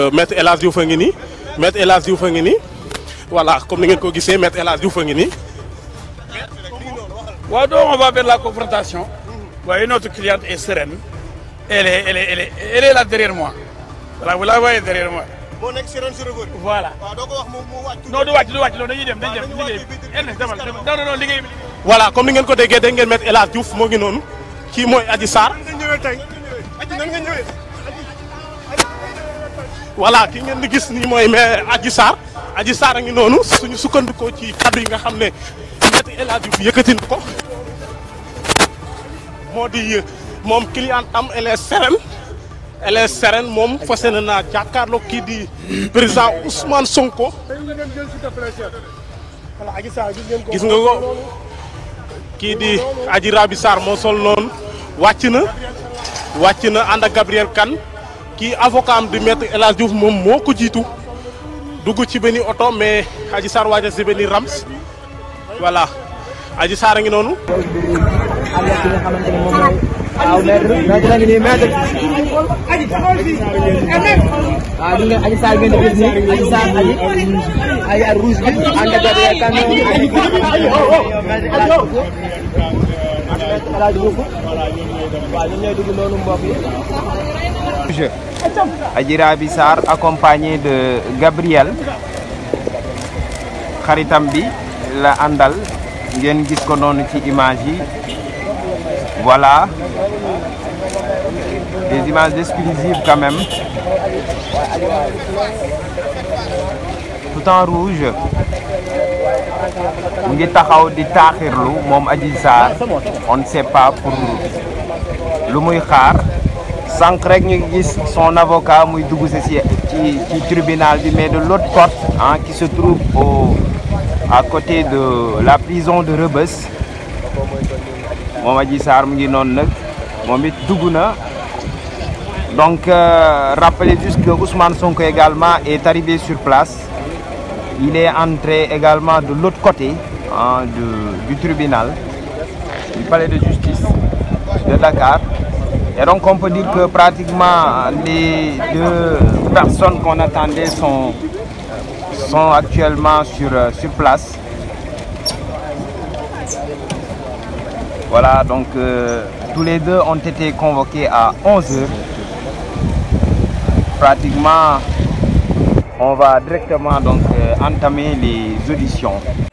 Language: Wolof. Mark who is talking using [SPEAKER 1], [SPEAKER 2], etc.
[SPEAKER 1] Euh, maître Elas Diouf a maître voilà comme maître Diouf on va faire la confrontation. notre cliente est sereine. elle est elle est elle est est là derrière moi. voilà vous voyez derrière moi. voilà non non non non voilà comme ni l'avez ko Diouf est ngi Qui est Adji voilà ki ngeen di gis nii mooy mais Adji Sarr Adji saar a ngi noonu suñu sukkandikoo ci kàddu yi nga xam ne Maître El Hadji Diouf yëkkati na ko moo di moom client am elle est sereine elle est moom fas yéene naa jàkkaarloo kii di président Ousmane Sonko. gis nga ko kii di Adji Rabi Sarr moo sol noonu wàcc na wàcc na ànd ak Gabriel Kane. ki avocat am di maître El Diouf mom moko jitu duggu ci beni auto mais hadji sar wadja ci beni rams voilà hadji sar ngi
[SPEAKER 2] ak Abissar accompagné de Gabriel Karitambi la Andal ngén gis ko non ci image voilà des images exclusives quand même tout en rouge mu ngi taxaw di taaxirlu mom Adji sar on ne sait pas pour lu muy xaar sank rek ñu gis son avocat muy dugg si ci ci tribunal bi mais de l'autre porte hein qui se trouve au à côté de la prison de Rebeuss mom Adji sar mu ngi non nak moom duguna donc euh, rappelez juste que Ousmane Sonko également est arrivé sur place il est entré également de l'autre côté hein, du tribunal, du palais de justice de Dakar. Et donc on peut dire que pratiquement les deux personnes qu'on attendait sont, sont actuellement sur, euh, sur place. Voilà, donc euh, tous les deux ont été convoqués à 11h. Pratiquement on va directement donc euh, entamer les auditions.